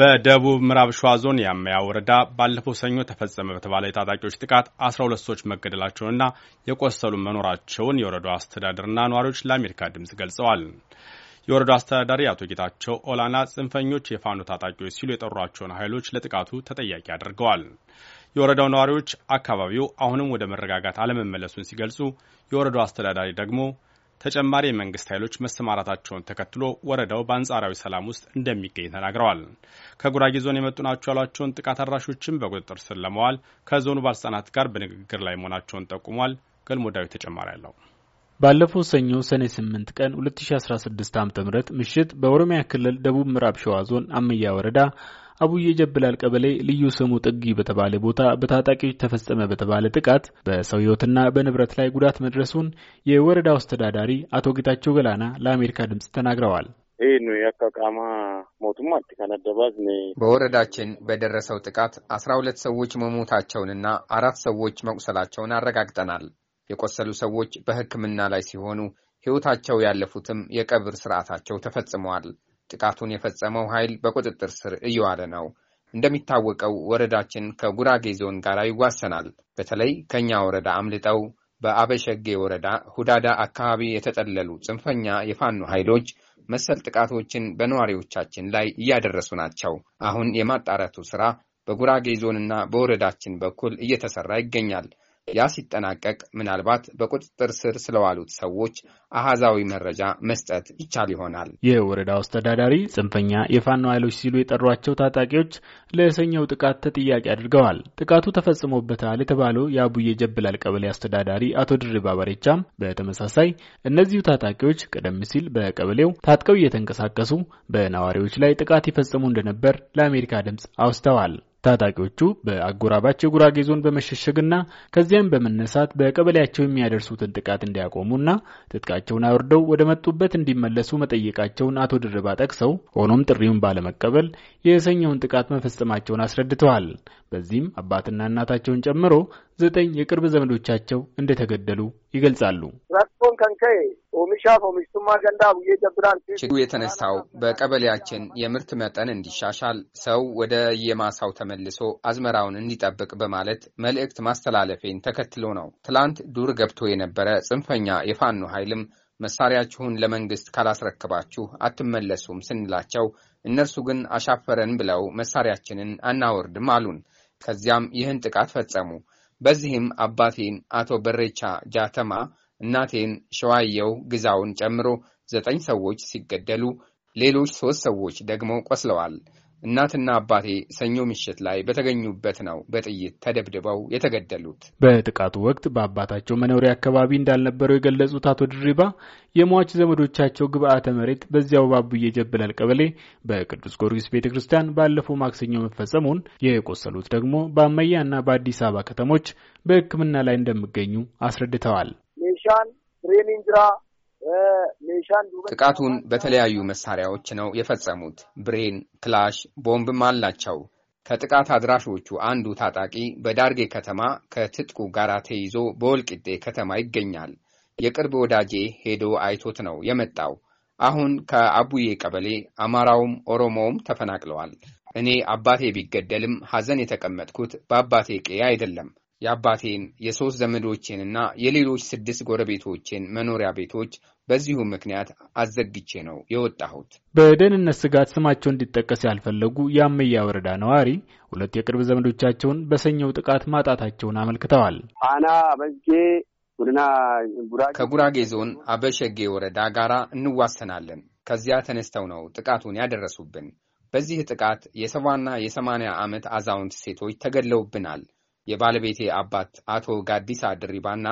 በደቡብ ምዕራብ ሸዋ ዞን የአመያ ወረዳ ባለፈው ሰኞ ተፈጸመ በተባለ የታጣቂዎች ጥቃት አስራ ሁለት ሰዎች መገደላቸውንና የቆሰሉ መኖራቸውን የወረዳው አስተዳደርና ነዋሪዎች ለአሜሪካ ድምፅ ገልጸዋል። የወረዳው አስተዳዳሪ አቶ ጌታቸው ኦላና ጽንፈኞች የፋኖ ታጣቂዎች ሲሉ የጠሯቸውን ኃይሎች ለጥቃቱ ተጠያቂ አድርገዋል። የወረዳው ነዋሪዎች አካባቢው አሁንም ወደ መረጋጋት አለመመለሱን ሲገልጹ፣ የወረዳው አስተዳዳሪ ደግሞ ተጨማሪ የመንግስት ኃይሎች መሰማራታቸውን ተከትሎ ወረዳው በአንጻራዊ ሰላም ውስጥ እንደሚገኝ ተናግረዋል። ከጉራጌ ዞን የመጡ ናቸው ያሏቸውን ጥቃት አድራሾችም በቁጥጥር ስር ለመዋል ከዞኑ ባለስልጣናት ጋር በንግግር ላይ መሆናቸውን ጠቁሟል። ገልሞ ዳዊት ተጨማሪ አለው። ባለፈው ሰኞ ሰኔ 8 ቀን 2016 ዓ.ም ምሽት በኦሮሚያ ክልል ደቡብ ምዕራብ ሸዋ ዞን አመያ ወረዳ አቡዬ ጀብላል ቀበሌ ልዩ ስሙ ጥጊ በተባለ ቦታ በታጣቂዎች ተፈጸመ በተባለ ጥቃት በሰው ሕይወትና በንብረት ላይ ጉዳት መድረሱን የወረዳው አስተዳዳሪ አቶ ጌታቸው ገላና ለአሜሪካ ድምፅ ተናግረዋል። በወረዳችን በደረሰው ጥቃት አስራ ሁለት ሰዎች መሞታቸውንና አራት ሰዎች መቁሰላቸውን አረጋግጠናል። የቆሰሉ ሰዎች በሕክምና ላይ ሲሆኑ ሕይወታቸው ያለፉትም የቀብር ስርዓታቸው ተፈጽመዋል። ጥቃቱን የፈጸመው ኃይል በቁጥጥር ስር እየዋለ ነው። እንደሚታወቀው ወረዳችን ከጉራጌ ዞን ጋር ይዋሰናል። በተለይ ከእኛ ወረዳ አምልጠው በአበሸጌ ወረዳ ሁዳዳ አካባቢ የተጠለሉ ጽንፈኛ የፋኖ ኃይሎች መሰል ጥቃቶችን በነዋሪዎቻችን ላይ እያደረሱ ናቸው። አሁን የማጣረቱ ስራ በጉራጌ ዞንና በወረዳችን በኩል እየተሰራ ይገኛል። ያ ሲጠናቀቅ ምናልባት በቁጥጥር ስር ስለዋሉት ሰዎች አሃዛዊ መረጃ መስጠት ይቻል ይሆናል። የወረዳው አስተዳዳሪ ጽንፈኛ የፋኖ ኃይሎች ሲሉ የጠሯቸው ታጣቂዎች ለሰኘው ጥቃት ተጠያቂ አድርገዋል። ጥቃቱ ተፈጽሞበታል የተባለው የአቡዬ ጀብላል ቀበሌ አስተዳዳሪ አቶ ድርባ ባሬቻም በተመሳሳይ እነዚሁ ታጣቂዎች ቀደም ሲል በቀበሌው ታጥቀው እየተንቀሳቀሱ በነዋሪዎች ላይ ጥቃት ይፈጽሙ እንደነበር ለአሜሪካ ድምፅ አውስተዋል። ታጣቂዎቹ በአጎራባች የጉራጌ ዞን በመሸሸግና ከዚያም በመነሳት በቀበሌያቸው የሚያደርሱትን ጥቃት እንዲያቆሙና ትጥቃቸውን አውርደው ወደ መጡበት እንዲመለሱ መጠየቃቸውን አቶ ድርባ ጠቅሰው ሆኖም ጥሪውን ባለመቀበል የሰኘውን ጥቃት መፈጸማቸውን አስረድተዋል። በዚህም አባትና እናታቸውን ጨምሮ ዘጠኝ የቅርብ ዘመዶቻቸው እንደተገደሉ ይገልጻሉ። ችግሩ የተነሳው በቀበሌያችን የምርት መጠን እንዲሻሻል ሰው ወደ የማሳው ተመልሶ አዝመራውን እንዲጠብቅ በማለት መልእክት ማስተላለፌን ተከትሎ ነው። ትላንት ዱር ገብቶ የነበረ ጽንፈኛ የፋኖ ኃይልም መሳሪያችሁን ለመንግስት ካላስረክባችሁ አትመለሱም ስንላቸው እነርሱ ግን አሻፈረን ብለው መሳሪያችንን አናወርድም አሉን። ከዚያም ይህን ጥቃት ፈጸሙ። በዚህም አባቴን አቶ በሬቻ ጃተማ እናቴን ሸዋየው ግዛውን ጨምሮ ዘጠኝ ሰዎች ሲገደሉ ሌሎች ሦስት ሰዎች ደግሞ ቆስለዋል። እናትና አባቴ ሰኞ ምሽት ላይ በተገኙበት ነው በጥይት ተደብድበው የተገደሉት። በጥቃቱ ወቅት በአባታቸው መኖሪያ አካባቢ እንዳልነበረው የገለጹት አቶ ድሪባ የሟች ዘመዶቻቸው ግብአተ መሬት በዚያው ባቡዬ ጀብለል ቀበሌ በቅዱስ ጊዮርጊስ ቤተ ክርስቲያን ባለፈው ማክሰኞ መፈጸሙን፣ የቆሰሉት ደግሞ በአመያና በአዲስ አበባ ከተሞች በሕክምና ላይ እንደሚገኙ አስረድተዋል። ጥቃቱን በተለያዩ መሳሪያዎች ነው የፈጸሙት። ብሬን፣ ክላሽ፣ ቦምብም አላቸው። ከጥቃት አድራሾቹ አንዱ ታጣቂ በዳርጌ ከተማ ከትጥቁ ጋር ተይዞ በወልቂጤ ከተማ ይገኛል። የቅርብ ወዳጄ ሄዶ አይቶት ነው የመጣው። አሁን ከአቡዬ ቀበሌ አማራውም ኦሮሞውም ተፈናቅለዋል። እኔ አባቴ ቢገደልም ሐዘን የተቀመጥኩት በአባቴ ቄ አይደለም፣ የአባቴን የሶስት ዘመዶቼንና የሌሎች ስድስት ጎረቤቶቼን መኖሪያ ቤቶች በዚሁ ምክንያት አዘግቼ ነው የወጣሁት። በደህንነት ስጋት ስማቸው እንዲጠቀስ ያልፈለጉ የአመያ ወረዳ ነዋሪ ሁለት የቅርብ ዘመዶቻቸውን በሰኞው ጥቃት ማጣታቸውን አመልክተዋል። ከጉራጌ ዞን አበሸጌ ወረዳ ጋር እንዋሰናለን። ከዚያ ተነስተው ነው ጥቃቱን ያደረሱብን። በዚህ ጥቃት የሰባና የሰማንያ ዓመት አዛውንት ሴቶች ተገድለውብናል። የባለቤቴ አባት አቶ ጋዲሳ ድሪባና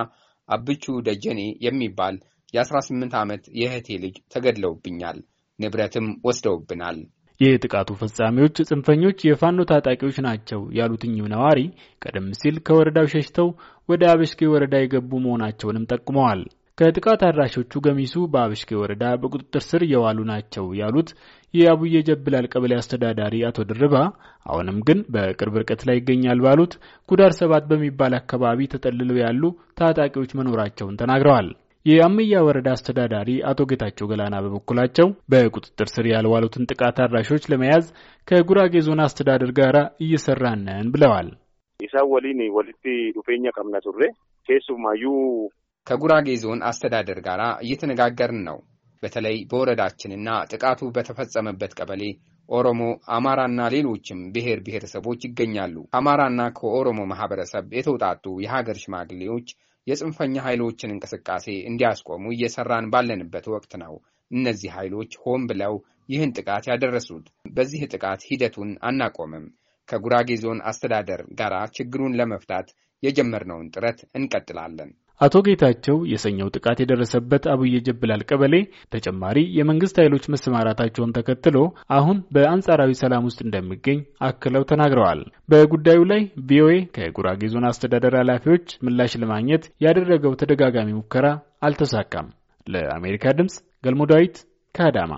አብቹ ደጀኔ የሚባል የ18 ዓመት የእህቴ ልጅ ተገድለውብኛል። ንብረትም ወስደውብናል። የጥቃቱ ፈጻሚዎች ጽንፈኞች የፋኖ ታጣቂዎች ናቸው ያሉት እኚሁ ነዋሪ ቀደም ሲል ከወረዳው ሸሽተው ወደ አበሽጌ ወረዳ የገቡ መሆናቸውንም ጠቁመዋል። ከጥቃት አድራሾቹ ገሚሱ በአብሽጌ ወረዳ በቁጥጥር ስር የዋሉ ናቸው ያሉት የአቡዬ ጀብላል ቀበሌ አስተዳዳሪ አቶ ድርባ አሁንም ግን በቅርብ ርቀት ላይ ይገኛል ባሉት ጉዳር ሰባት በሚባል አካባቢ ተጠልለው ያሉ ታጣቂዎች መኖራቸውን ተናግረዋል። የአምያ ወረዳ አስተዳዳሪ አቶ ጌታቸው ገላና በበኩላቸው በቁጥጥር ስር ያልዋሉትን ጥቃት አድራሾች ለመያዝ ከጉራጌ ዞን አስተዳደር ጋር እየሰራነን ብለዋል። ኢሳ ወሊን ወልቲ ዱፌኛ ቀምና ቱሬ ኬሱማዩ ከጉራጌ ዞን አስተዳደር ጋር እየተነጋገርን ነው። በተለይ በወረዳችንና ጥቃቱ በተፈጸመበት ቀበሌ ኦሮሞ፣ አማራና ሌሎችም ብሔር ብሔረሰቦች ይገኛሉ። ከአማራና ከኦሮሞ ማህበረሰብ የተውጣጡ የሀገር ሽማግሌዎች የጽንፈኛ ኃይሎችን እንቅስቃሴ እንዲያስቆሙ እየሰራን ባለንበት ወቅት ነው እነዚህ ኃይሎች ሆን ብለው ይህን ጥቃት ያደረሱት። በዚህ ጥቃት ሂደቱን አናቆምም። ከጉራጌ ዞን አስተዳደር ጋር ችግሩን ለመፍታት የጀመርነውን ጥረት እንቀጥላለን። አቶ ጌታቸው የሰኘው ጥቃት የደረሰበት አቡዬ ጀብላል ቀበሌ ተጨማሪ የመንግስት ኃይሎች መሰማራታቸውን ተከትሎ አሁን በአንጻራዊ ሰላም ውስጥ እንደሚገኝ አክለው ተናግረዋል። በጉዳዩ ላይ ቪኦኤ ከጉራጌ ዞን አስተዳደር ኃላፊዎች ምላሽ ለማግኘት ያደረገው ተደጋጋሚ ሙከራ አልተሳካም። ለአሜሪካ ድምጽ ገልሞ ዳዊት ከአዳማ